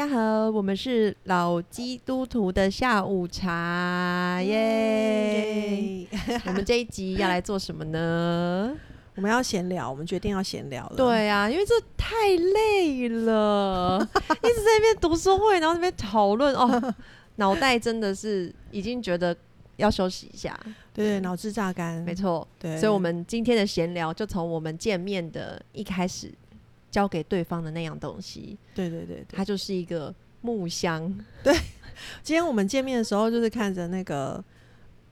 大家好，我們是老基督徒的下午茶耶，耶。我們這一集要來做什麼呢？ 我們要閒聊，我們決定要閒聊了。對啊，因為這太累了， 一直在那邊讀書會，然後在那邊討論哦，腦袋真的是已經覺得要休息一下。 對，對，對，腦子榨乾，沒錯。對，所以，我們今天的閒聊就從我們見面的一開始。交給對方的那樣東西，對，對對對，它就是一個木箱。對，今天我們見面的時候，就是看着那個，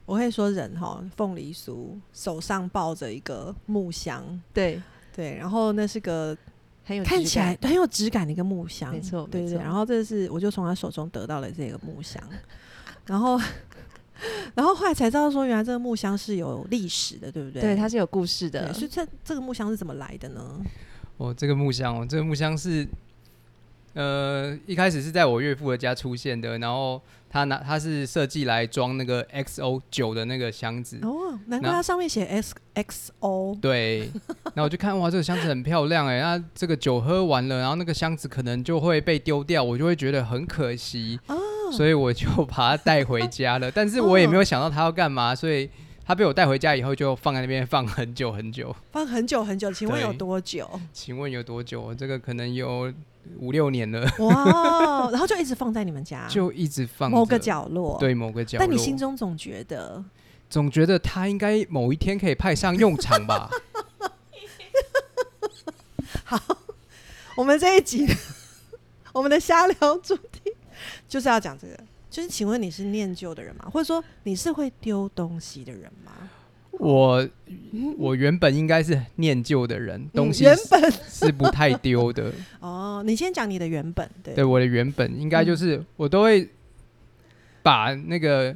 我會說人哈，鳳梨酥手上抱着一個木箱，對對，然後那是個很有看起來很有質感的一個木箱，沒錯沒錯。然後這是我就從他手中得到了這個木箱， 然後然後後來才知道說，原來這個木箱是有歷史的，對不對？對，它是有故事的。所以這這個木箱是怎麼來的呢？哦、喔，這個木箱哦、喔，這個木箱是，呃，一開始是在我岳父的家出現的，然後他拿，他是設計來裝那個 XO 酒的那個箱子。哦，難怪它上面寫 X X O。XO? 對，然後我就看，哇，這個箱子很漂亮哎、欸，那、 啊、這個酒喝完了，然後那個箱子可能就會被丟掉，我就會覺得很可惜，哦、所以我就把它帶回家了、哦。但是我也沒有想到他要幹嘛，所以。他被我帶回家以後，就放在那邊放很久很久，放很久很久。請問有多久？請問有多久？這個可能有五六年了。哇、wow, ，然後就一直放在你們家，就一直放某個角落，對，某個角落。但你心中總覺得，總覺得他應該某一天可以派上用場吧？ 好，我們這一集 我們的瞎聊主題就是要講這個。就是，請問你是念舊的人嗎？或者說你是會丟東西的人嗎？我我原本應該是念舊的人，東西、嗯、原本 是不太丟的。哦，你先講你的原本。對對，我的原本應該就是、嗯、我都會把那個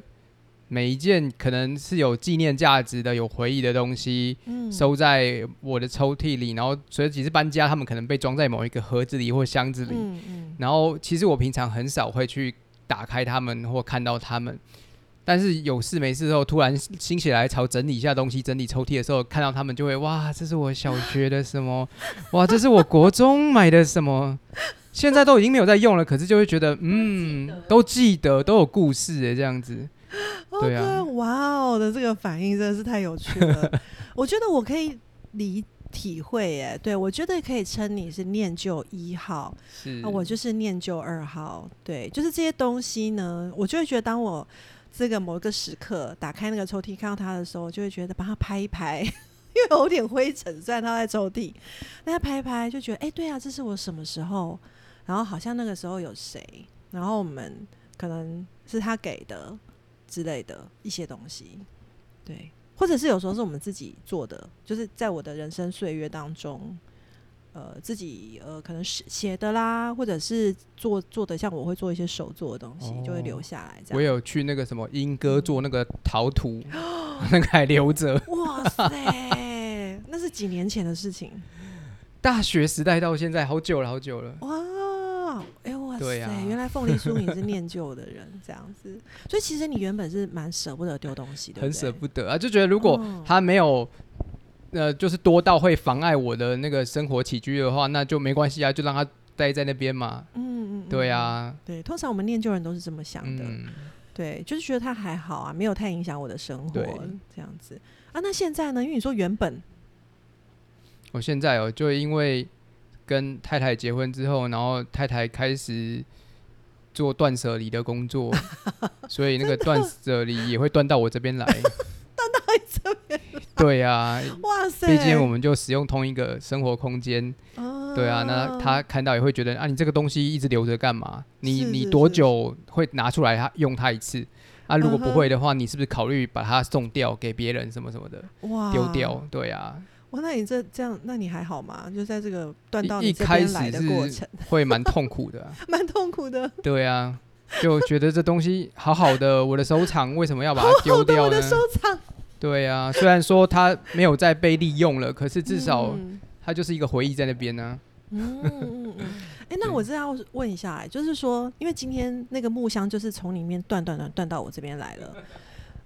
每一件可能是有紀念價值、的、有回憶的東西，收在我的抽屜裡。嗯、然後，所以幾次搬家，他們可能被裝在某一個盒子裡或箱子裡。嗯。嗯然後，其實我平常很少會去。打開他們或看到他們，但是有事沒事的時候，突然心血來潮整理一下東西，整理抽屜的時候，看到他們就會哇，這是我小學的什麼？ 哇，這是我國中買的什麼？ 現在都已經沒有在用了，可是就會覺得嗯得，都記得，都有故事哎，這樣子，對啊。哦，對哇哦的這個反應真的是太有趣了。 我覺得我可以理體會誒、欸，對，我覺得可以稱你是念舊一號，啊，我就是念舊二號。對，就是這些東西呢，我就會覺得，當我這個某一個時刻打開那個抽屜看到它的時候，就會覺得把它拍一拍，因為有點灰塵，雖然它在抽屜，那它拍一拍就覺得，哎、欸，對啊，這是我什麼時候，然後好像那個時候有誰，然後我們可能是他給的之類的一些東西，對。或者是有時候是我們自己做的，就是在我的人生歲月當中，呃，自己呃可能是寫的啦，或者是做做的，像我會做一些手做的東西，哦、就會留下來。這樣我有去那個什麼鶯歌做那個陶土，嗯、 那個還留着。哇塞， 那是幾年前的事情，大學時代到現在好久了，好久了。哇、哦啊。對呀、啊，原來鳳梨酥你是念舊的人， 這樣子，所以其實你原本是蠻捨不得丟東西的，很捨不得啊，就覺得如果他沒有，哦、呃，就是多到會妨礙我的那個生活起居的話，那就沒關係啊，就讓他待在那邊嘛。嗯，嗯嗯，對啊，對，通常我們念舊人都是這麼想的、嗯，對，就是覺得他還好啊，沒有太影響我的生活，對這樣子啊。那現在呢？因為你說原本，我現在哦、喔，就因為。跟太太結婚之後，然後太太開始做斷捨離的工作， 所以那個斷捨離也會斷到我這邊來。斷 到這邊？對呀、啊，哇塞！畢竟我們就使用同一個生活空間、哦，對啊，那他看到也會覺得啊，你這個東西一直留着幹嘛？你是是是你多久會拿出來用它一次？啊，如果不會的話，uh -huh. 你是不是考慮把它送掉給別人什麼什麼的？哇，丟掉？對啊。哇，那你這這樣，那你還好嗎？就在這個斷到你這邊來的過程，會蠻痛苦的？啊。蠻 痛苦的。對啊，就覺得這東西好好的， 我的收藏為什麼要把它丟掉呢、哦？對啊，雖然說它沒有再被利用了， 可是至少它就是一個回憶在那邊呢，啊。嗯嗯 嗯。哎，嗯嗯欸，那我這要問一下，哎，就是說，因為今天那個木箱就是從裡面斷斷斷斷到我這邊來了。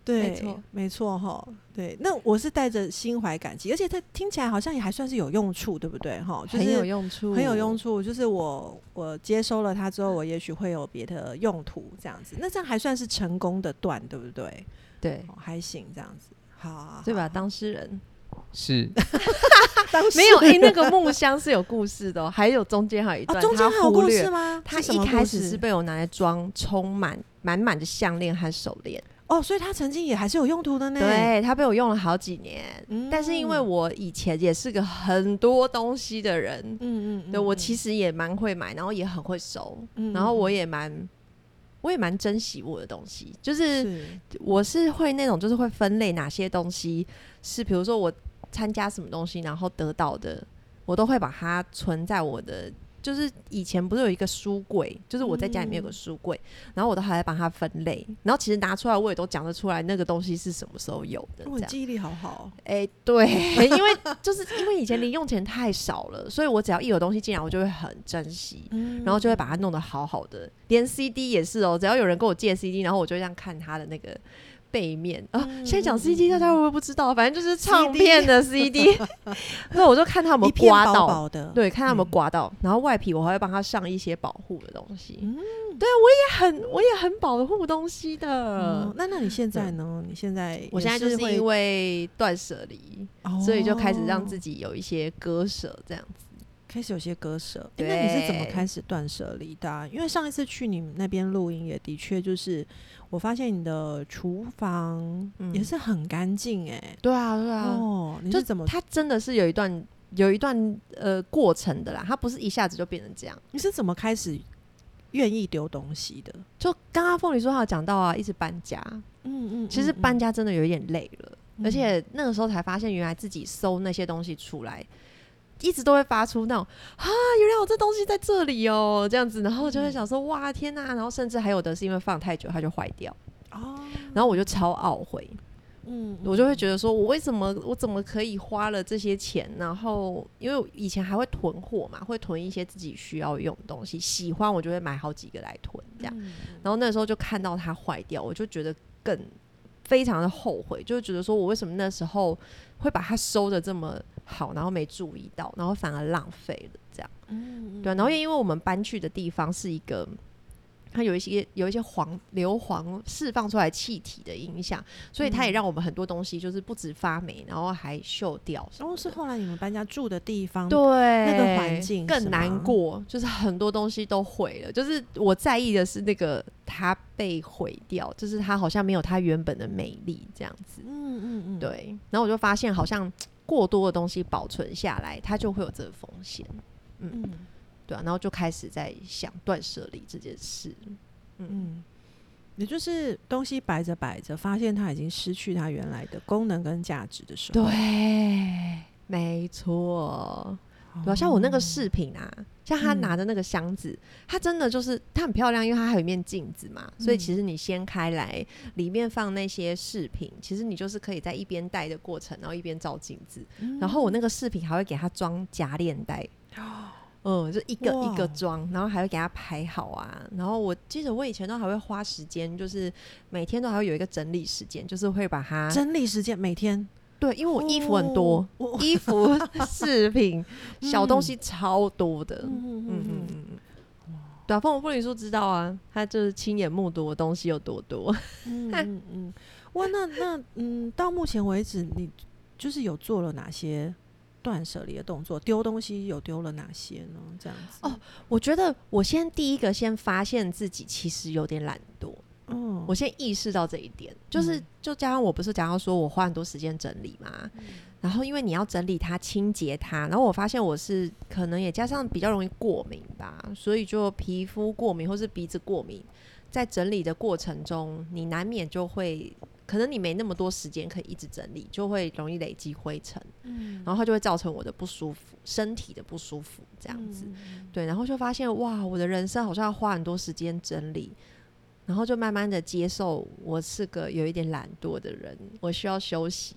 對，沒錯，沒錯，哈，對，那我是帶着心懷感激，而且它聽起來好像也還算是有用處，對不對？哈、就是，很有用處，很有用處，就是我我接收了它之後，我也許會有別的用途，這樣子，那這樣還算是成功的斷，對不對？對，還行，這樣子，好，好，好，對吧？當事人是， 當事人 沒有，哎、欸，那個木箱是有故事的、哦，還有中間還有一段，啊、中間還有故事嗎？它一開始是被我拿來裝充滿滿滿的項鏈和手鏈。哦，所以它曾經也還是有用途的呢？對，它被我用了好幾年。嗯，但是因為我以前也是個很多東西的人，嗯嗯，嗯，對，我其實也蠻會買，然後也很會收。嗯嗯，然後我也蠻，我也蠻珍惜我的東西，就是我是會那種，就是會分類哪些東西是，比如說我參加什麼東西然後得到的，我都會把它存在我的。就是以前不是有一個書櫃，就是我在家裡面有個書櫃、嗯，然後我都還在把它分類，然後其實拿出來我也都講得出來那個東西是什麼時候有的。我的記憶力好好。哎、欸，對， 欸、因為就是因為以前零用錢太少了，所以我只要一有東西進來，我就會很珍惜，嗯、然後就會把它弄得好好的。連 CD 也是哦、喔，只要有人跟我借 CD，然後我就會這樣看他的那個。背面啊、嗯，現在講 CD 大家會不會不知道？反正就是唱片的 CD。CD 那我就看他們刮到薄薄，對，看他們刮到、嗯，然後外皮我還會幫他上一些保護的東西、嗯。對，我也很，我也很保護東西的。那、嗯、那你現在呢？你現在，我現在就是因為斷捨離、哦，所以就開始讓自己有一些割捨，這樣子。開始有些割捨。欸，那你是怎麼開始斷捨離的啊？因為上一次去你們那邊錄音，也的確就是我發現你的廚房也是很乾淨哎。對啊，對啊，哦，你是怎麼？它真的是有一段有一段呃過程的啦，它不是一下子就變成這樣。你是怎麼開始願意丟東西的？就剛剛鳳梨說，他有講到啊，一直搬家，嗯嗯，其實搬家真的有一點累了，嗯，而且那個時候才發現，原來自己收那些東西出來。一直都會發出那種啊，原來我這東西在這裡哦，這樣子，然後我就會想說哇，天吶！然後甚至還有的是因為放太久，它就壞掉。哦，然後我就超懊悔，嗯，我就會覺得說我為什麼我怎麼可以花了這些錢？然後因為以前還會囤貨嘛，會囤一些自己需要用的東西，喜歡我就會買好幾個來囤，這樣。嗯，然後那時候就看到它壞掉，我就覺得更非常的後悔，就覺得說我為什麼那時候。會把它收得這麼好，然後沒注意到，然後反而浪費了這樣，嗯嗯嗯，對。然後因為我們搬去的地方是一個。它有一些有一些黃硫磺釋放出來氣體的影響，所以它也讓我們很多東西就是不止發霉，然後還鏽掉。然後、哦、是後來你們搬家住的地方，對那個環境更難過，就是很多東西都毀了。就是我在意的是那個它被毀掉，就是它好像沒有它原本的美麗這樣子。嗯嗯嗯，對。然後我就發現，好像過多的東西保存下來，它就會有這個風險。嗯。嗯。對啊，然後就開始在想斷捨離這件事。嗯嗯，也就是東西擺着擺着，發現它已經失去它原來的功能跟價值的時候。對，沒錯。Oh. 對啊，像我那個飾品啊，像他拿的那個箱子，它、嗯、真的就是它很漂亮，因為它還有一面鏡子嘛，所以其實你掀開來，裡面放那些飾品，其實你就是可以在一邊戴的過程，然後一邊照鏡子、嗯。然後我那個飾品還會給它裝夾鏈帶。嗯，就一個一個裝，wow. 然後還會給他排好啊。然後我記得我以前都還會花時間，就是每天都還會有一個整理時間，就是會把它整理時間每天。對，因為我衣服很多，oh. 衣服、飾、oh. 品、 小東西超多的。嗯 嗯嗯。短髮我不裡說知道啊，他就是親眼目睹我東西有多多。嗯嗯嗯,嗯,嗯,嗯。哇，那那嗯， 到目前為止你就是有做了哪些？斷捨離的動作，丟東西有丟了哪些呢？這樣子哦，我覺得我先第一個先發現自己其實有點懶惰，嗯，我先意識到這一點，就是、嗯、就加上我不是講到說我花很多時間整理嘛、嗯，然後因為你要整理它、清潔它，然後我發現我是可能也加上比較容易過敏吧，所以就皮膚過敏或是鼻子過敏，在整理的過程中，你難免就會。可能你沒那麼多時間可以一直整理，就會容易累積灰塵、嗯，然後就會造成我的不舒服，身體的不舒服這樣子。嗯、對，然後就發現哇，我的人生好像要花很多時間整理，然後就慢慢的接受我是個有一點懶惰的人，我需要休息。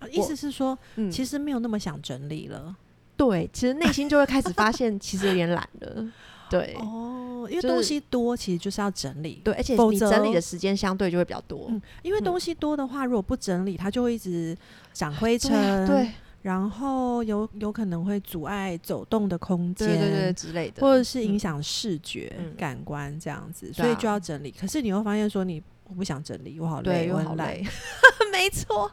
啊、意思是說、嗯，其實沒有那麼想整理了。對，其實內心就會開始發現，其實有點懶了。 對哦，因為東西多，就是，其實就是要整理。對，而且你整理的時間相對就會比較多。嗯，因為東西多的話，嗯，如果不整理，它就會一直長灰塵、啊。然後有有可能會阻礙走動的空間，對對對，之類的，或者是影響視覺、嗯、感官這樣子，所以就要整理。可是你會發現，說你我不想整理，我好累，我好累。 沒錯。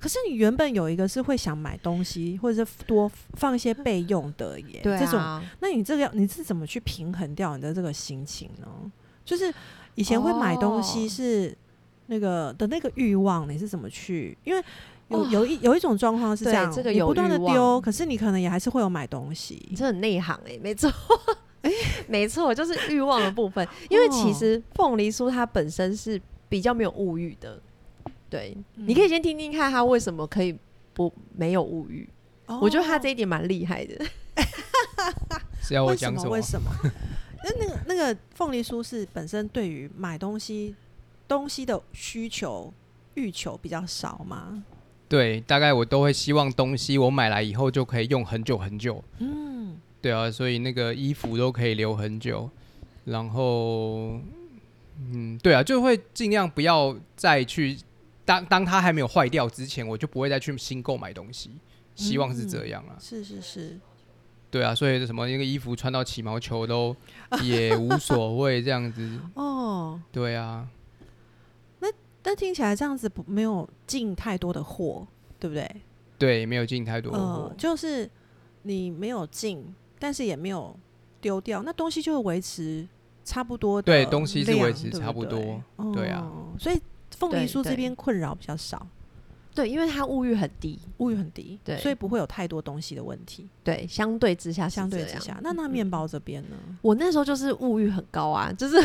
可是你原本有一個是會想買東西，或者是多放一些備用的耶。對、啊、這種，那你這個要你是怎麼去平衡掉你的這個心情呢？就是以前會買東西是那個、oh. 的那個慾望，你是怎麼去？因為有有一有一種狀況是這樣，oh. 這個有慾望。你不斷的丟，可是你可能也還是會有買東西。你這很內行誒、欸。沒錯， 沒錯，就是慾望的部分。Oh. 因為其實鳳梨酥它本身是比較沒有物欲的。對、嗯，你可以先聽聽看他為什麼可以不沒有物欲。哦，我覺得他這一點蠻厲害的。哦、 是要我講什麼？為什麼？ 那那個那個鳳梨酥是本身對於買東西東西的需求欲求比較少嘛？對，大概我都會希望東西我買來以後就可以用很久很久。嗯，對啊，所以那個衣服都可以留很久，然後嗯，對啊，就會盡量不要再去。當當它還沒有壞掉之前，我就不會再去新購買東西。希望是這樣啊、嗯。是是是，對啊，所以什麼那個衣服穿到起毛球都也無所謂這樣子。 哦，對啊。那但聽起來這樣子不沒有進太多的貨，對不對？對，沒有進太多貨、呃，就是你沒有進，但是也沒有丟掉，那東西就會維持差不多的量。對，東西是維持差不多對不對、哦。對啊，所以。鳳梨酥這邊困擾比較少對，對，因為它物欲很低，物欲很低，對，所以不會有太多東西的問題。對，相對之下，相對之下，那那麵包這邊呢？嗯嗯。我那時候就是物欲很高啊，就是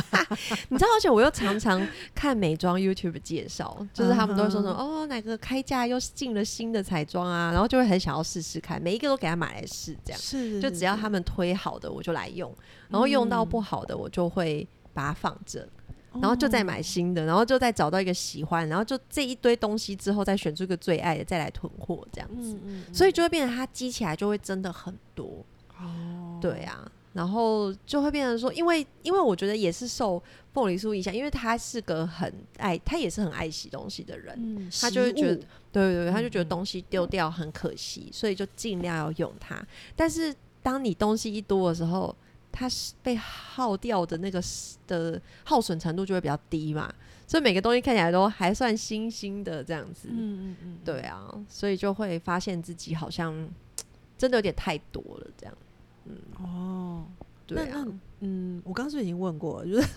你知道，而且我又常常看美妝 YouTube 介紹，就是他們都會說說、嗯、哦，哪個開架又進了新的彩妝啊，然後就會很想要試試看，每一個都給他買來試，這樣，是、是、是就只要他們推好的我就來用，然後用到不好的我就會把它放着。嗯然後就再買新的，oh. 然後就再找到一個喜歡，然後就這一堆東西之後再選出一個最愛的，再來囤貨這樣子，嗯嗯、所以就會變成它積起來就會真的很多。Oh. 對啊，然後就會變成說，因為因為我覺得也是受鳳梨酥影響，因為他是個很愛，他也是很愛惜東西的人，嗯、他就會覺得，對，對對，他就覺得東西丟掉很可惜，嗯、所以就盡量要用它。但是當你東西一多的時候。它是被耗掉的那個的耗損程度就會比較低嘛，所以每個東西看起來都還算新新的這樣子。嗯嗯嗯，對啊，所以就會發現自己好像真的有點太多了這樣。嗯，哦，對啊，嗯，我剛是已經問過了？就是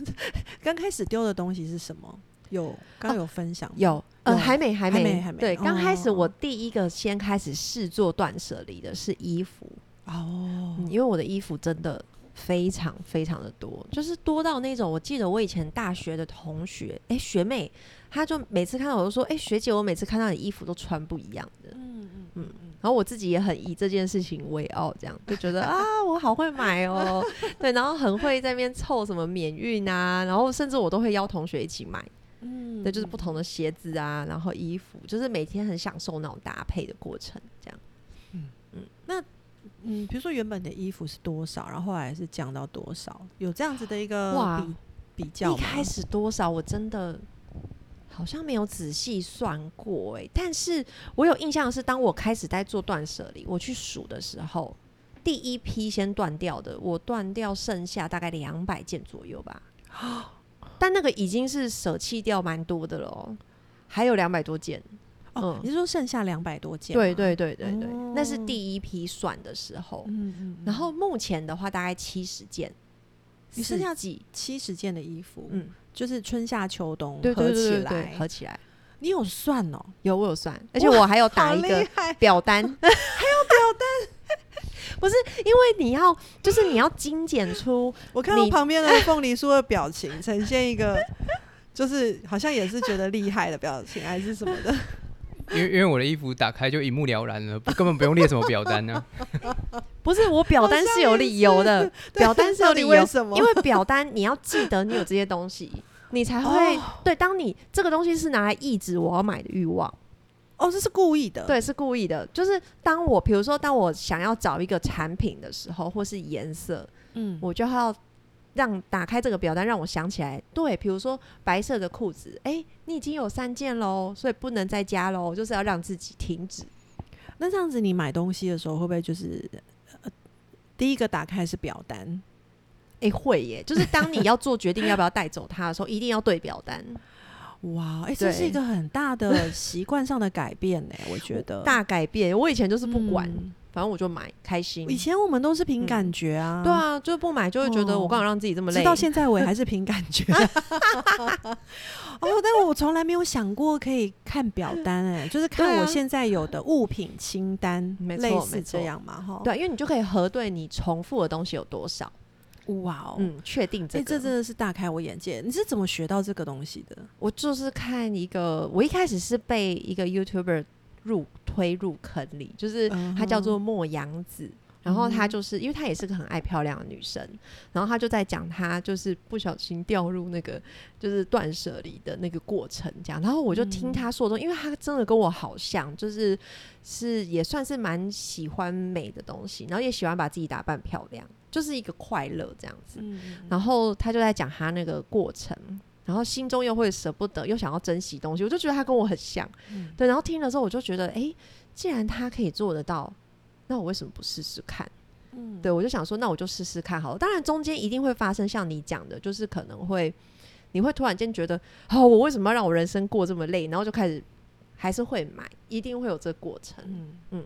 剛開始丟的東西是什麼？有剛有分享、哦？有呃、哦、還沒，還沒，還沒，還沒。對，哦、剛開始我第一個先開始試做斷捨離的是衣服。哦、嗯，因為我的衣服真的。非常非常的多，就是多到那種，我記得我以前大學的同學，哎、欸，學妹，她就每次看到我都說，哎、欸，學姐，我每次看到你衣服都穿不一樣的，嗯嗯嗯，然後我自己也很以這件事情為傲，這樣就覺得 啊，我好會買哦、喔， 對，然後很會在那邊湊什麼免運啊，然後甚至我都會邀同學一起買，嗯，對，就是不同的鞋子啊，然後衣服，就是每天很享受那種搭配的過程，這樣，嗯嗯，那。嗯，比如說原本的衣服是多少，然後後來是降到多少，有這樣子的一個比，哇，比較嗎？一開始多少，我真的好像沒有仔細算過誒、欸。但是我有印象的是，當我開始在做斷捨離，我去數的時候，第一批先斷掉的，我斷掉剩下大概兩百件左右吧。但那個已經是捨棄掉蠻多的了，還有兩百多件。哦、嗯，你是說剩下兩百多件，對對對對對、對、哦，那是第一批算的時候。嗯嗯。然後目前的話大概七十件是，你剩下幾七十件的衣服？嗯，就是春夏秋冬合起來，對對對對合起來。你有算哦、喔？有，我有算，而且我還有打一個表單，還有表單。 不是因為你要，就是你要精簡出你。我看到旁邊的鳳梨酥的表情，呈現一個， 就是好像也是覺得厲害的表情，還是什麼的。 因為因為我的衣服打開就一目了然了，不根本不用列什麼表單呢、啊。 不是我表單是有理由的，表單是有理由，為什麼？因為表單你要記得你有這些東西， 你才會、哦、對。當你這個東西是拿來抑制我要買的欲望，哦，這是故意的，對，是故意的。就是當我比如說，當我想要找一個產品的時候，或是顏色，嗯，我就要。讓打開這個表單讓我想起來，對，比如說白色的褲子，誒、欸，你已經有三件嘍，所以不能再加嘍，就是要讓自己停止。那這樣子你買東西的時候會不會就是，呃、第一個打開是表單？誒、欸，會耶，就是當你要做決定要不要帶走它的時候， 一定要對表單。哇，誒、欸，這是一個很大的習慣上的改變耶 我覺得。大改變，我以前就是不管。嗯反正我就買開心。以前我們都是憑感覺啊、嗯。對啊，就不買就會覺得我幹嘛讓自己這麼累。直到現在，我也還是憑感覺。 哦，但我從來沒有想過可以看表單、欸，哎，就是看、啊、我現在有的物品清單，沒錯，是這樣嘛，哈。對，因為你就可以核對你重複的東西有多少。哇哦，嗯，確定這個欸、這真的是大開我眼界。你是怎麼學到這個東西的？我就是看一個，我一開始是被一個 YouTuber。入推入坑裡，就是她叫做莫陽子、嗯，然後她就是，因為她也是個很愛漂亮的女生，然後她就在講她就是不小心掉入那個就是斷捨離的那個過程，這樣，然後我就聽她說的、嗯，因為她真的跟我好像，就是是也算是蠻喜歡美的東西，然後也喜歡把自己打扮漂亮，就是一個快樂這樣子，嗯、然後她就在講她那個過程。然後心中又會捨不得，又想要珍惜東西，我就覺得他跟我很像，嗯、對。然後聽了之後，我就覺得，誒，既然他可以做得到，那我為什麼不試試看？嗯，對我就想說，那我就試試看。好，當然中間一定會發生像你講的，就是可能會你會突然間覺得，哦，我為什麼要讓我人生過這麼累？然後就開始還是會買，一定會有這個過程嗯。嗯，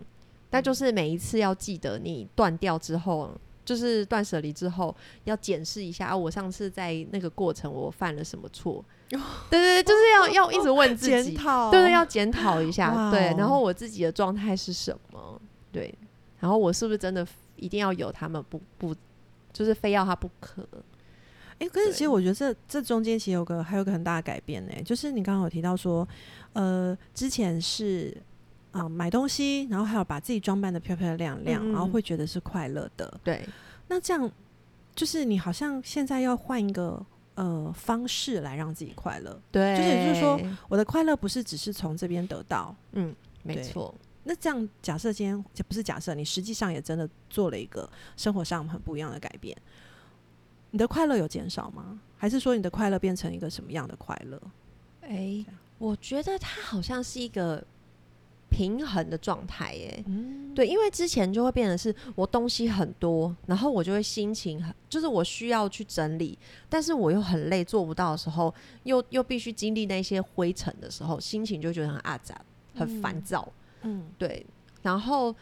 但就是每一次要記得，你斷掉之後。就是斷捨離之後，要檢視一下啊，我上次在那個過程，我犯了什麼錯？哦。對對對，哦、就是要、哦、要一直問自己，對，對對，要檢討一下，哦。對，然後我自己的狀態是什麼？對，然後我是不是真的一定要有他們不不，就是非要他不可？哎、欸，可是其實我覺得這這中間其實有個還有個很大的改變呢、欸，就是你剛剛有提到說，呃，之前是。啊，買東西，然後還有把自己裝扮得漂漂亮亮，嗯嗯，然後會覺得是快樂的。對，那這樣就是你好像現在要換一個呃方式來讓自己快樂。對，就是，就是說，我的快樂不是只是從這邊得到。嗯，沒錯。那這樣假，假設今天不是假設，你實際上也真的做了一個生活上很不一樣的改變，你的快樂有減少嗎？還是說你的快樂變成一個什麼樣的快樂？哎、欸，我覺得它好像是一個。平衡的狀態、欸，哎、嗯，對，因為之前就會變成是我東西很多，然後我就會心情很，就是我需要去整理，但是我又很累，做不到的時候，又又必須經歷那些灰塵的時候，心情就會覺得很阿雜，很煩躁，嗯，對，然後，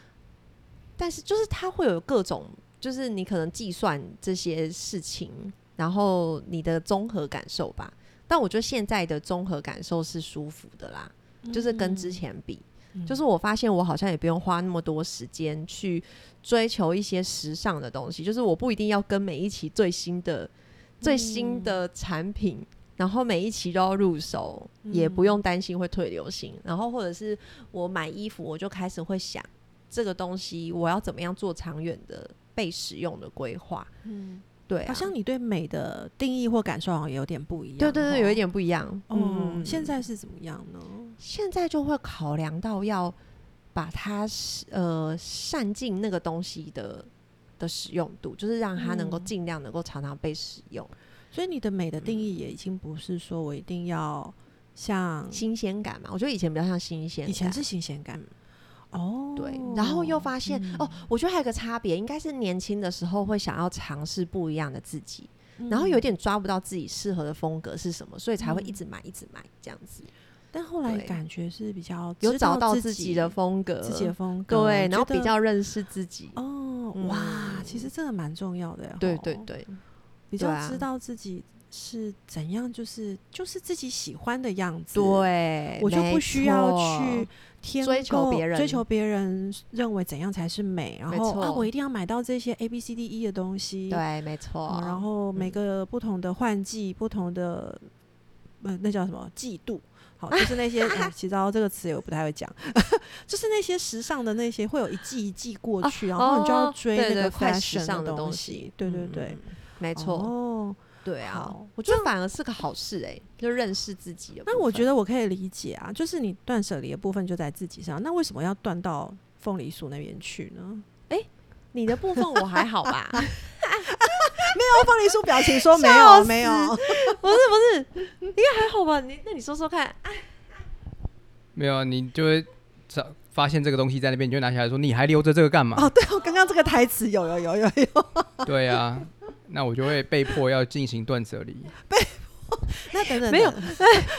但是就是它會有各種，就是你可能計算這些事情，然後你的綜合感受吧，但我覺得現在的綜合感受是舒服的啦，就是跟之前比。嗯嗯。就是我發現，我好像也不用花那麼多時間去追求一些時尚的東西。就是我不一定要跟每一期最新的、嗯、最新的產品，然後每一期都要入手，嗯、也不用擔心會退流行。然後或者是我買衣服，我就開始會想這個東西我要怎麼樣做長遠的被使用的規劃。嗯。對、啊，好像你對美的定義或感受也有點不一樣。對對對，有一點不一樣、哦。嗯，現在是怎麼樣呢？現在就會考量到要把它呃善盡那個東西的的使用度，就是讓它能夠盡量能夠常常被使用、嗯。所以你的美的定義也已經不是說我一定要像、嗯、新鮮感嘛？我覺得以前比較像新鮮感，以前是新鮮感。嗯哦、oh，對，然後又發現、嗯、哦，我覺得還有一個差別，應該是年輕的時候會想要嘗試不一樣的自己、嗯，然後有點抓不到自己適合的風格是什麼，所以才會一直買一直買這樣子。嗯、但後來感覺是比較有找到自己的風格，自己的風格對。然後比較認識自己。哦、嗯，哇，其實真的蠻重要的呀！對，對對對，比較知道自己是怎樣，就是就是自己喜歡的樣子。對，我就不需要去。天追求別人，追求別人認為怎樣才是美，然後沒啊，我一定要買到這些 A B C D E 的東西。對，沒錯、嗯。然後每個不同的換季，嗯、不同的，嗯，那叫什麼季度？好，就是那些“ 嗯、其實這個詞也不太會講， 就是那些時尚的那些，會有一季一季過去，啊、然後你就要追那個對對對，快時尚的東西。嗯、對對對，沒錯。哦對啊，我覺得反而是個好事哎、欸，就認識自己，但那我覺得我可以理解啊，就是你斷捨離的部分就在自己上，那為什麼要斷到鳳梨樹那邊去呢？哎、欸，你的部分我還好吧？ 沒有鳳梨樹表情說沒有沒有，不是 不是，不是應該還好吧？你那你說說看，啊、沒有，你就會找發現這個東西在那邊，你就拿起來說你還留着這個幹嘛？哦，對哦，剛剛這個台詞有有有有有、有， 對啊。那我就會被迫要進行斷捨離。被迫？那等等，等，沒有。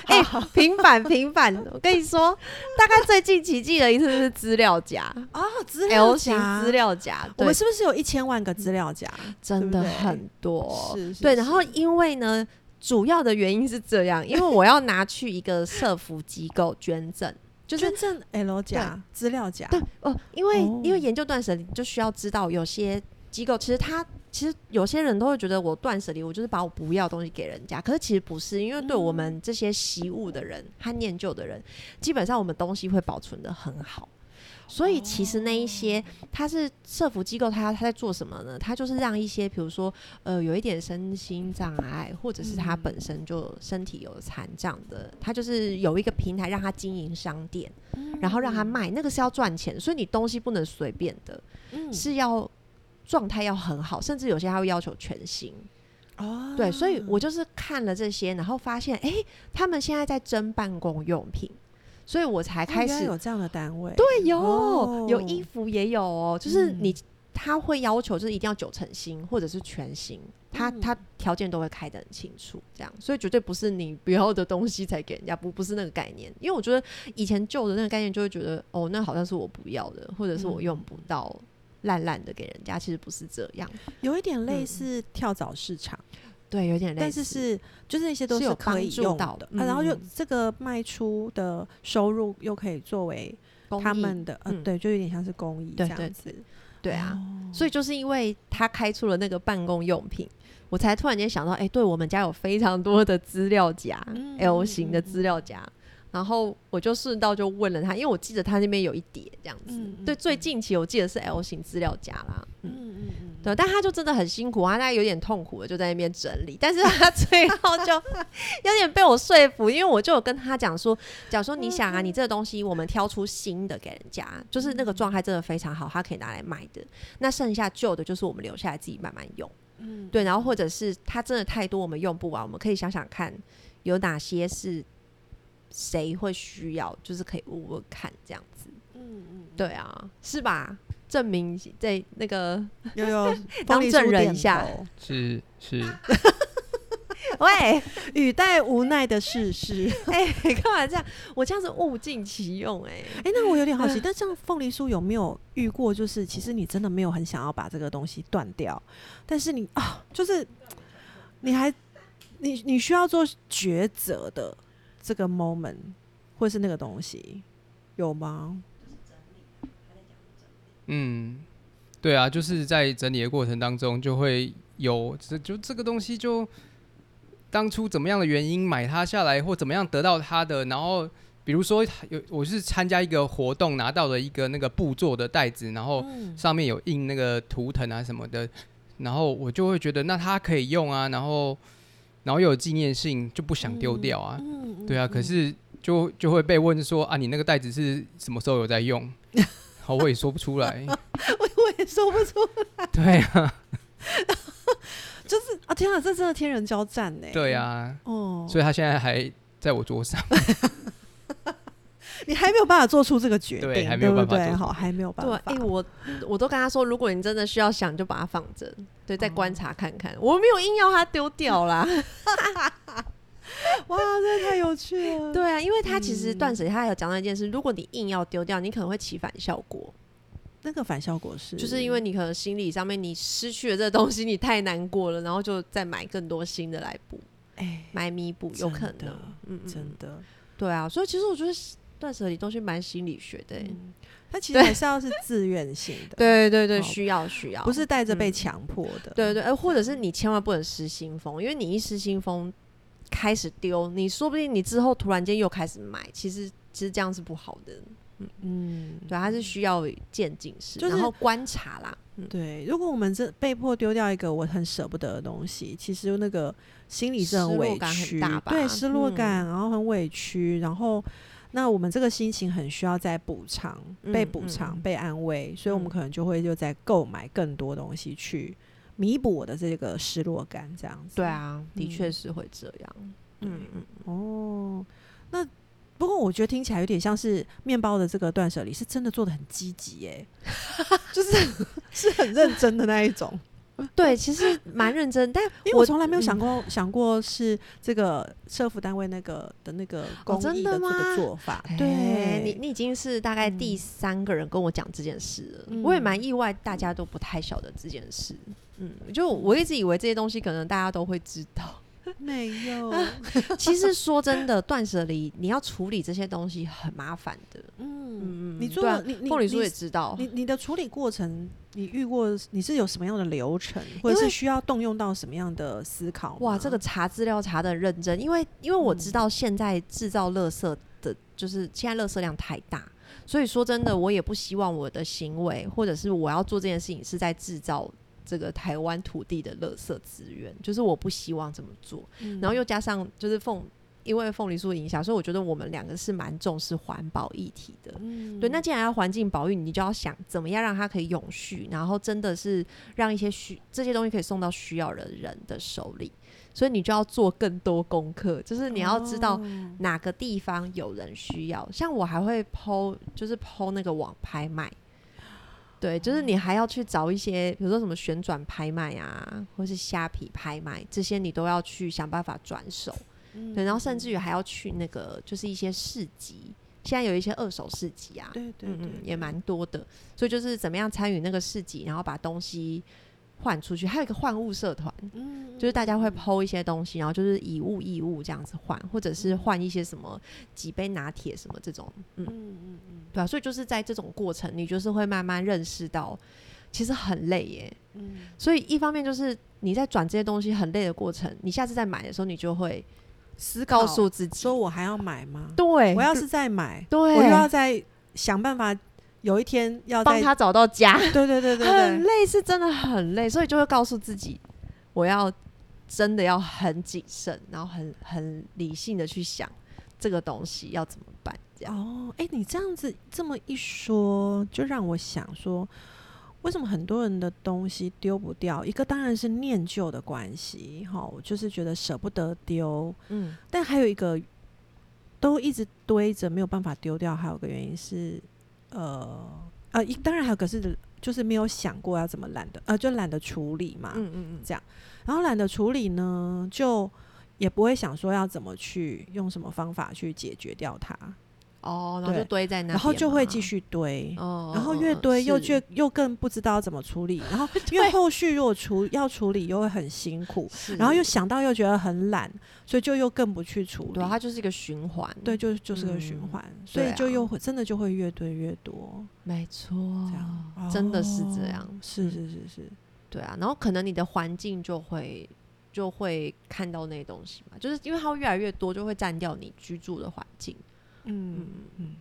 哎 好、欸， 平板， 平，板 平板，我跟你說， 大概最近奇蹟的一次是資料夾哦資料夾，資料夾。我們是不是有一千萬個資料夾、嗯？真的很多。是，是，是。對，然後因為呢，主要的原因是這樣， 因為我要拿去一個社福機構捐贈， 就是捐 L 夾資料夾。對，夾對、呃、哦，因為因為研究斷捨離，就需要知道有些機構其實它。其實有些人都會覺得我斷捨離，我就是把我不要的東西給人家。可是其實不是，因為對我們這些惜物的人和念舊的人，基本上我們東西會保存得很好。所以其實那一些，他是社福機構，他他在做什麼呢？他就是讓一些，比如說呃，有一點身心障礙，或者是他本身就身體有殘障的，他就是有一個平台讓他經營商店，然後讓他賣，那個是要賺錢。所以你東西不能隨便的，是要。狀態要很好，甚至有些他會要求全新哦。對，所以我就是看了這些，然後發現誒、欸，他們現在在徵辦公用品，所以我才開始、啊、有這樣的單位。對、哦，有、哦、有衣服也有哦，就是你、嗯、他會要求就是一定要九成新或者是全新，他他條件都會開得很清楚這樣，所以絕對不是你不要的東西才給人家，不不是那個概念。因為我覺得以前舊的那個概念就會覺得哦，那好像是我不要的，或者是我用不到。嗯爛爛的給人家，其實不是這樣，有一點類似跳蚤市場，嗯、對，有點類似，是，是就是那些都是，可以是有幫助到的、嗯啊，然後就這個賣出的收入又可以作為他們的、嗯，呃，對，就有點像是公益這樣子，對，對，對，對，對啊、哦，所以就是因為他開出了那個辦公用品，我才突然間想到，哎、欸，對我們家有非常多的資料夾、嗯、L 型的資料夾。然後我就順道就問了他，因為我記得他那邊有一疊這樣子嗯嗯嗯。對，最近期我記得是 L 型資料夾啦。嗯，嗯嗯嗯。對，但他就真的很辛苦啊，大家有點痛苦的就在那邊整理。但是他最後就有點被我說服， 因為我就有跟他講說，講說你想啊，你這個東西我們挑出新的給人家，就是那個狀態真的非常好，他可以拿來賣的。那剩下舊的，就是我們留下來自己慢慢用。嗯，對。然後或者是他真的太多，我們用不完，我們可以想想看有哪些是。誰會需要？就是可以問問看這樣子。嗯嗯，對啊，是吧？證明在那個要要 當證正人一 下，是是。 喂， 語帶無奈的事實、 欸。哎，幹嘛這樣？我這樣子物盡其用。哎哎，那我有點好奇， 但像鳳梨酥有沒有遇過？就是其實你真的沒有很想要把這個東西斷掉，但是你啊，就是你還你你需要做抉擇的。這個 moment 或是那個東西有嗎？嗯，對啊，就是在整理的過程當中，就會有，就就這個東西，就當初怎麼樣的原因買它下來，或怎麼樣得到它的，然後比如說有，我是參加一個活動拿到了一個那個布做的袋子，然後上面有印那個圖騰啊什麼的，然後我就會覺得那它可以用啊，然後。然後又有紀念性就不想丟掉啊、嗯嗯，對啊，可是就就會被問說啊，你那個袋子是什麼時候有在用？我 我也說不出來， 我也說不出來，對啊， 就是啊，天啊，這真的天人交戰呢，對啊，哦、oh，所以他現在還在我桌上。 你還沒有辦法做出這個決定，對,對不對？好，還沒有辦法。哎、啊欸，我我都跟他說，如果你真的需要想，就把它放着，對、嗯，再觀察看看。我沒有硬要它丟掉啦。 哇，真的太有趣了。 對啊，因為他其實斷舍，嗯、斷捨離他還有講到一件事：，如果你硬要丟掉，你可能會起反效果。那個反效果是，就是因為你可能心理上面你失去了這個東西，你太難過了，然後就再買更多新的來補，哎、欸，買彌補，有可能，嗯,嗯，真的。對啊，所以其實我覺得。斷捨離東西蠻心理學的、欸嗯，它其實還是要是自願性的，對 對對，對，對，需要需要，不是帶着被強迫的，嗯、對，對對，哎、呃，或者是你千萬不能失心瘋，因為你一失心瘋開始丟，你說不定你之後突然間又開始買，其實其實這樣是不好的，嗯嗯，對，它是需要漸進式、就是，然後觀察啦，對，如果我們這被迫丟掉一個我很捨不得的東西、嗯，其實那個心理是很委屈、失落感很大吧，對，失落感，然後很委屈，嗯、然後。那我們這個心情很需要再補償、被補償、嗯、被安慰、嗯，所以我們可能就會又在購買更多東西去彌補我的這個失落感，這樣子。對啊，的確是會這樣。嗯嗯哦，那不過我覺得聽起來有點像是面包的這個斷捨離是真的做的很積極、欸，哎， 就是很 是很認真的那一種。 對，其實蠻認真，但我從來沒有想過、嗯，想過是這個社服單位那個的那個公益的這個做法。哦，對，欸，你你已經是大概第三個人跟我講這件事了，嗯，我也蠻意外，大家都不太曉得這件事。嗯，就我一直以為這些東西可能大家都會知道。沒有， 其實說真的，斷捨離你要處理這些東西很麻煩的嗯。嗯，你做對，啊，你，你，你，你知道，你，你的處理過程，你遇過，你是有什麼樣的流程，或者是需要動用到什麼樣的思考？哇，這個查資料查得認真，因為，因為我知道現在製造垃圾的，嗯，就是現在垃圾量太大，所以說真的，我也不希望我的行為，或者是我要做這件事情，是在製造。這個台灣土地的垃圾資源，就是我不希望這麼做。嗯、然後又加上，就是鳳因為鳳梨樹影響，所以我覺得我們兩個是蠻重視環保議題的、嗯。對，那既然要環境保育，你就要想怎麼樣讓它可以永續，然後真的是讓一些需這些東西可以送到需要的人的手裡。所以你就要做更多功課，就是你要知道哪個地方有人需要。哦、像我還會 po，就是 po 那個網拍賣。對，就是你還要去找一些，比如說什麼旋轉拍賣啊，或是蝦皮拍賣，這些你都要去想辦法轉手，嗯。對，然後甚至於還要去那個，就是一些市集，現在有一些二手市集啊，對對對，對，對。嗯，也蠻多的。所以就是怎麼樣參與那個市集，然後把東西，換出去，還有一個換物社團，嗯，嗯，就是大家會拋一些東西，然後就是以物易物這樣子換，或者是換一些什麼幾杯拿鐵什麼這種，嗯嗯嗯，嗯，對吧，啊。所以就是在這種過程，你就是會慢慢認識到，其實很累耶，嗯。所以一方面就是你在轉這些東西很累的過程，你下次再買的時候，你就會思考告訴自己，說我還要買嗎？對，我要是再買，對，我就要再想辦法。有一天要幫他找到家，對對對，對對對對，很累是真的很累，所以就會告訴自己，我要真的要很謹慎，然後很很理性的去想這個東西要怎麼辦這樣。哦，哎、欸，你這樣子這麼一說，就讓我想說，為什麼很多人的東西丟不掉？一個當然是念舊的關係，哈，我就是覺得捨不得丟，嗯，但還有一個都一直堆着沒有辦法丟掉，還有個原因是。呃呃、啊，當然還有，可是就是沒有想過要怎麼懶得，呃，就懶得處理嘛，嗯嗯嗯，這樣，然後懶得處理呢，就也不會想說要怎麼去用什麼方法去解決掉它。哦、oh，然後就堆在那邊，然後就會繼續堆，oh, 然後越堆又覺又更不知道怎麼處理，然後因為後續如果處 要處理又會很辛苦，然後又想到又覺得很懶，所以就又更不去處理。對，它就是一個循環，對，就就是一個循環，嗯，所以就又會真的就會越堆越多，啊，沒錯，這樣真的是這樣，oh, 嗯，是是是是，對啊，然後可能你的環境就會就會看到那些東西嘛，就是因為它越來越多，就會占掉你居住的環境。嗯嗯嗯，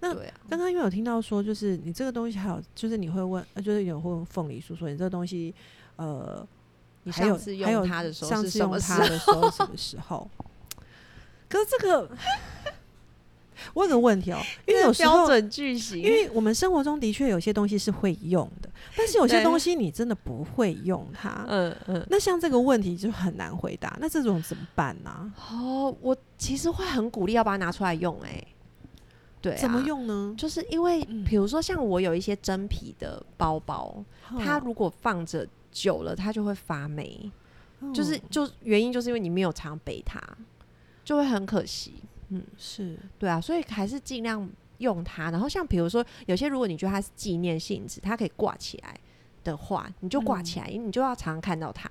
那剛剛、啊、因為有聽到說，就是你這個東西，還有就是你會問，呃、就是有會問鳳梨酥，說你這個東西，呃，你上次用它的時候，上次用它的時候什麼時候？是什麼時候 可是這個。 問個問題哦、喔，因為有時候標準句型，因為我們生活中的確有些東西是會用的，但是有些東西你真的不會用它。嗯嗯，那像這個問題就很難回答，那這種怎麼辦呢、啊？哦，我其實會很鼓勵要把它拿出來用、欸，誒、對、啊，怎麼用呢？就是因為比如說像我有一些真皮的包包，嗯，它如果放着久了，它就會發霉，嗯，就是就原因就是因為你沒有常常背它，就會很可惜。嗯，是對啊，所以還是盡量用它。然後像比如說，有些如果你覺得它是紀念性質，它可以掛起來的話，你就掛起來，因、嗯、為你就要常常看到它。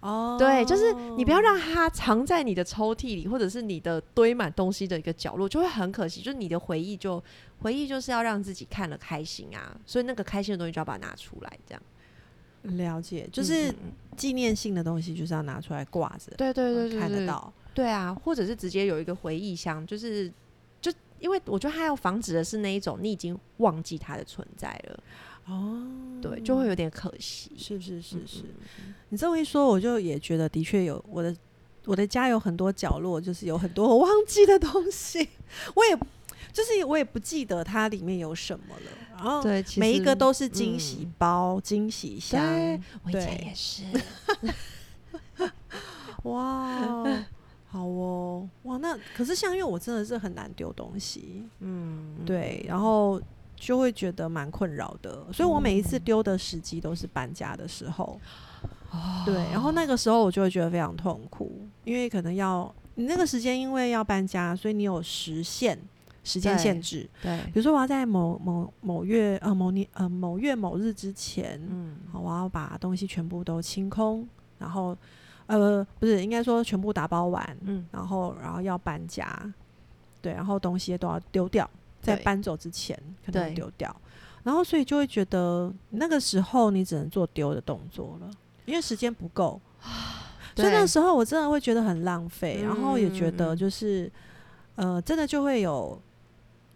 哦，對，就是你不要讓它藏在你的抽屜裡，或者是你的堆滿東西的一個角落，就會很可惜。就是你的回憶就，就回憶就是要讓自己看了開心啊。所以那個開心的東西就要把它拿出來，這樣。了解，就是紀念性的東西，就是要拿出來掛着、嗯嗯。對對對，對，對，看得到。對啊，或者是直接有一個回憶箱，就是就因為我覺得它要防止的是那一種你已經忘記它的存在了哦，對，就會有點可惜，是是是是，是嗯嗯。你這麼一說，我就也覺得的確有我的我的家有很多角落，就是有很多我忘記的東西，我也就是我也不記得它裡面有什麼了。然後對每一個都是驚喜包、驚、嗯、喜箱，我以前也是， 哇。好哦，哇，那可是像因為我真的是很難丟東西，嗯，對，然後就會覺得蠻困擾的，所以我每一次丟的時機都是搬家的時候，嗯，對，然後那個時候我就會覺得非常痛苦，因為可能要你那個時間，因為要搬家，所以你有時限、時間限制，對，對，比如說我要在某某某月呃某年呃某月某日之前，嗯，好，我要把東西全部都清空，然後。呃，不是，應該說全部打包完，嗯，然後然後要搬家，對，然後東西都要丟掉，在搬走之前可能丟掉，然後所以就會覺得那個時候你只能做丟的動作了，因為時間不夠，所以那時候我真的會覺得很浪費，然後也覺得就是呃，真的就會有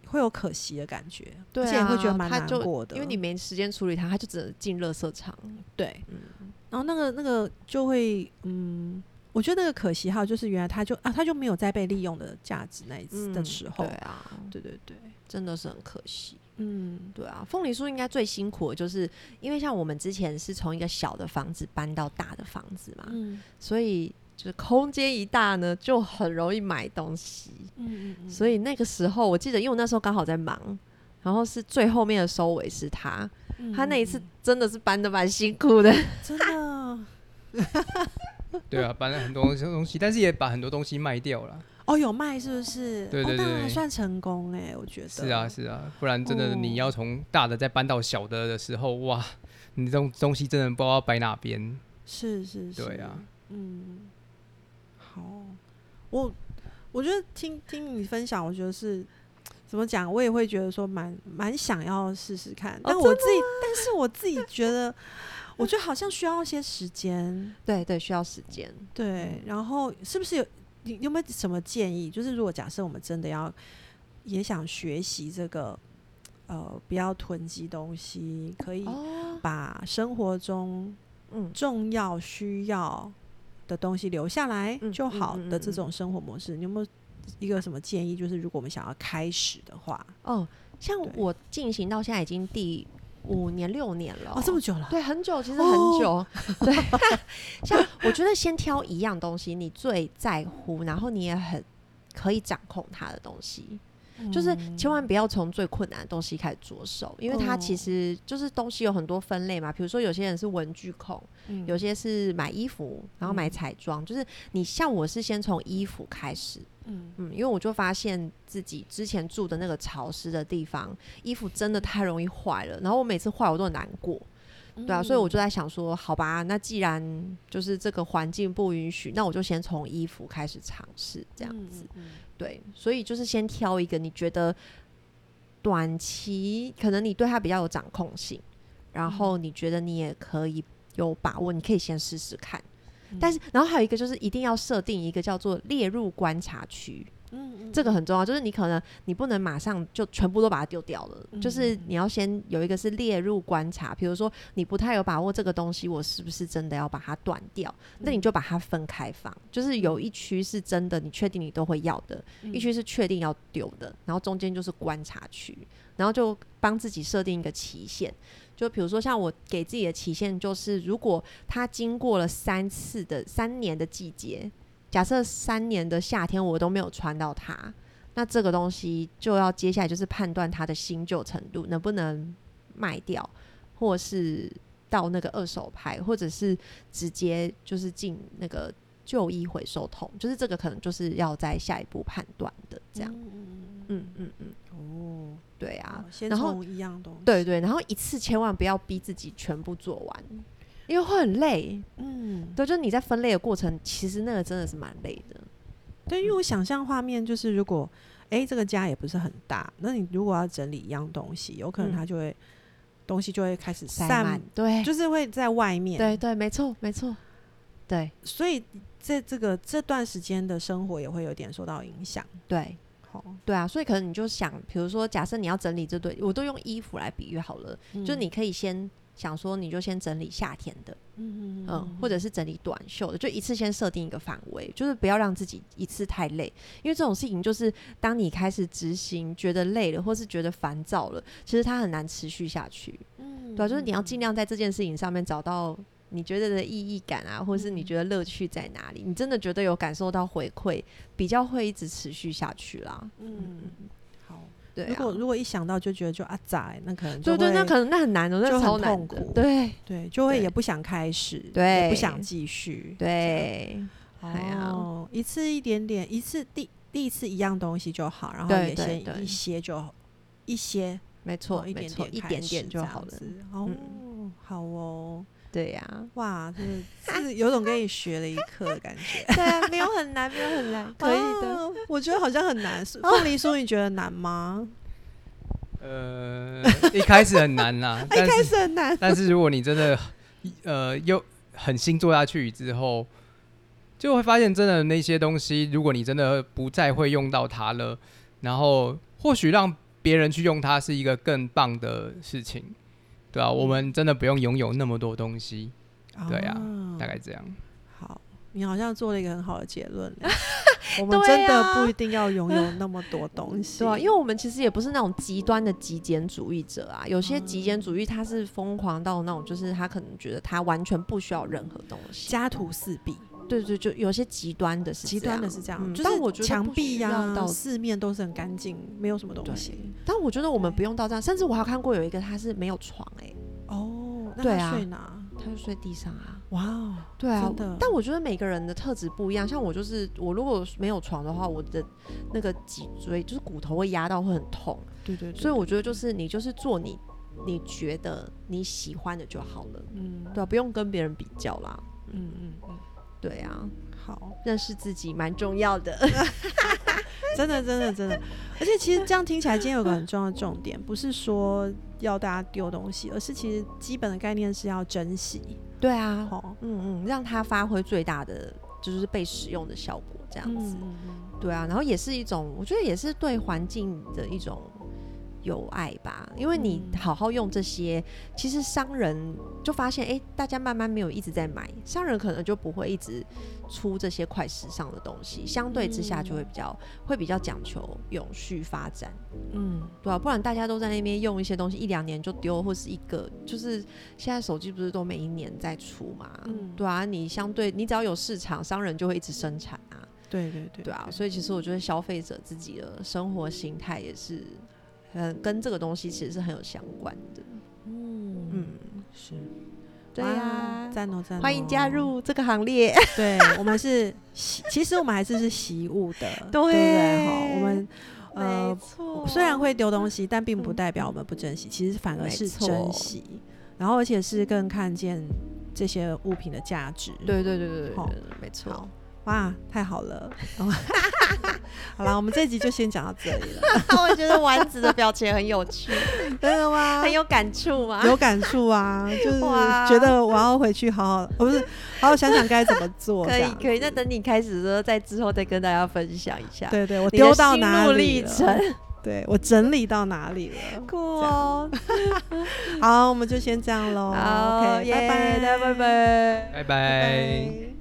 會有可惜的感覺，對啊，而且也會覺得蠻難過的，因為你沒時間處理它，它就只能進垃圾場，對。嗯然後那個那個就會嗯，我覺得那個可惜哈，就是原來他就啊他就沒有再被利用的價值那一次的時候，嗯，對啊，對對對，真的是很可惜，嗯，對啊，鳳梨樹應該最辛苦的就是因為像我們之前是從一個小的房子搬到大的房子嘛，嗯，所以就是空間一大呢，就很容易買東西，嗯，嗯，嗯，所以那個時候我記得，因為我那時候剛好在忙，然後是最後面的收尾是他，嗯，他那一次真的是搬得蠻辛苦的。嗯 對啊，搬了很多東西， 但是也把很多東西賣掉了。哦，有賣是不是？對對對，哦，當然還算成功哎，欸，我覺得。是啊是啊，不然真的你要從大的再搬到小的的時候，嗯，哇，你這種東西真的不知道擺哪邊。是是是，對啊，嗯。好，我我覺得聽聽你分享，我覺得是怎麼講，我也會覺得說蠻蠻想要試試看，哦。但我自己，但是我自己覺得。 我覺得好像需要一些時間，對對，需要時間。對，然後是不是有你有沒有什麼建議？就是如果假設我們真的要也想學習這個，呃，不要囤積東西，可以把生活中嗯重要需要的東西留下來就好的這種生活模式，你有沒有一個什麼建議？就是如果我們想要開始的話，哦，像我進行到現在已經第。五年六年了，哦，這麼久了，對，很久，其實很久。哦、對， 像我覺得先挑一樣東西，你最在乎，然後你也很可以掌控它的東西，嗯、就是千萬不要從最困難的東西開始着手，因為它其實就是東西有很多分類嘛。比、哦、如說有些人是文具控，嗯，有些是買衣服，然後買彩妝，嗯，就是你像我是先從衣服開始。嗯，因為我就發現自己之前住的那個潮濕的地方，衣服真的太容易壞了。然後我每次壞我都很難過，對啊，嗯，所以我就在想說，好吧，那既然就是這個環境不允許，那我就先從衣服開始嘗試這樣子，嗯嗯嗯。對，所以就是先挑一個你覺得短期可能你對它比較有掌控性，然後你覺得你也可以有把握，你可以先試試看。但是，然後還有一個就是一定要設定一個叫做列入觀察區，嗯，嗯，這個很重要。就是你可能你不能馬上就全部都把它丟掉了，嗯，就是你要先有一個是列入觀察。比如說你不太有把握這個東西，我是不是真的要把它斷掉，嗯？那你就把它分開放，就是有一區是真的，你確定你都會要的；嗯，一區是確定要丟的，然後中間就是觀察區，然後就幫自己設定一個期限。就比如說，像我給自己的期限，就是如果它經過了三次的三年的季節，假設三年的夏天我都沒有穿到它，那這個東西就要接下來就是判斷它的新舊程度，能不能賣掉，或是到那個二手拍，或者是直接就是進那個。舊衣回收桶，就是這個可能就是要在下一步判斷的這樣，嗯嗯嗯，哦、嗯嗯嗯嗯嗯，對啊，先從一樣東西，對，對對，然後一次千萬不要逼自己全部做完、嗯，因為會很累，嗯，對，就你在分類的過程，其實那個真的是蠻累的。對，嗯、因為我想象畫面就是，如果哎、欸、這個家也不是很大，那你如果要整理一樣東西，有可能它就會、嗯、東西就會開始散，滿，對，就是會在外面，對對，對，沒錯沒錯，對，所以。在這個這段時間的生活也會有點受到影響，對，好，對啊，所以可能你就想，比如說，假設你要整理這堆，我都用衣服來比喻好了，嗯，就是你可以先想說，你就先整理夏天的，嗯哼嗯哼，嗯，或者是整理短袖的，就一次先設定一個範圍，就是不要讓自己一次太累，因為這種事情就是當你開始執行，覺得累了或是覺得煩躁了，其實它很難持續下去，嗯哼嗯哼，對啊，就是你要尽量在這件事情上面找到。你覺得的意義感啊，或是你覺得樂趣在哪裡、嗯？你真的覺得有感受到回饋，比較會一直持續下去啦。嗯，好。對、啊。如果如果一想到就覺得就啊咋、欸、那可能就對，對,對那可能那很難、喔、那難的，那很痛苦。對對，就會也不想開始，對，也不想繼續，對。呀、啊，一次一點點，一次第第一次一樣東西就好，然後也先一些就好對對對，一些，沒錯，沒錯，一點點，一點點就好了。哦、嗯，好哦。對呀、啊，哇，就是，是有種跟你學了一課的感覺、啊。對啊，沒有很難，沒有很難， 可以的。我覺得好像很難，鳳、哦、梨酥你覺得難嗎？呃，一開始很難吶、 啊，一開始很難。但是如果你真的，呃，又狠心做下去之後，就會發現真的那些東西，如果你真的不再會用到它了，然後或許讓別人去用它，是一個更棒的事情。對啊、嗯，我們真的不用擁有那麼多東西，對啊、哦，大概這樣。好，你好像做了一個很好的結論。 我們真的不一定要擁有那麼多東西， 對啊， 對啊，因為我們其實也不是那種極端的極簡主義者啊。嗯、有些極簡主義他是瘋狂到那種，就是他可能覺得他完全不需要任何東西，家徒四壁。對對，就有些極端的是這樣，極端的是這樣。但我覺得牆壁呀、啊，到四面都是很乾淨，沒有什麼東西。但我覺得我們不用到這樣。甚至我還看過有一個他是沒有床哎、欸。哦，那他睡哪？對啊。他就睡地上啊。哇。對啊。真的。但我覺得每個人的特質不一樣，嗯、像我就是我如果沒有床的話，我的那個脊椎就是骨頭會壓到會很痛。對對，對，對，對。所以我覺得就是你就是做你你覺得你喜歡的就好了。嗯。對啊，不用跟別人比較啦。嗯嗯嗯。對啊，好，認識自己蠻重要的，真的真的真的。真的真的 而且其實這樣聽起來，今天有個很重要的重點，不是說要大家丟東西，而是其實基本的概念是要珍惜。對啊，哦，嗯嗯，讓它發揮最大的就是被使用的效果，這樣子嗯嗯嗯。對啊，然後也是一種，我覺得也是對環境的一種。有愛吧，因為你好好用這些，嗯、其實商人就發現，哎、欸，大家慢慢沒有一直在買，商人可能就不會一直出這些快時尚的東西，相對之下就會比較、嗯、會比較講求永續發展。嗯，對啊，不然大家都在那邊用一些東西，一兩年就丟，或是一個就是現在手機不是都每一年在出嘛？嗯。對啊，你相對你只要有市場，商人就會一直生產啊。對對對，對啊，所以其實我覺得消費者自己的生活形態也是，嗯，跟這個東西其實是很有相關的。嗯嗯，是對呀、啊，贊同贊同，歡迎加入這個行列。對，我們是 其實我們還是是惜物的， 對，對對，我們呃，雖然會丟東西，但並不代表我們不珍惜，其實反而是珍惜。然後，而且是更看見這些物品的價值。 對，對對對對，沒錯。哇，太好了！ 好了，我們這一集就先講到這裡了。 我覺得丸子的表情很有趣，真的嗎？很有感觸啊， 有感觸啊，就是覺得我要回去好好，不是 好好想想該怎麼做。可以，可以，那等你開始的時候，在之後再跟大家分享一下。對對，我丟到哪裡了？ 對，我整理到哪裡了？酷哦、喔！ 好，我們就先這樣嘍。好，拜、okay, 拜、okay, yeah,，大家拜拜，拜拜。Bye bye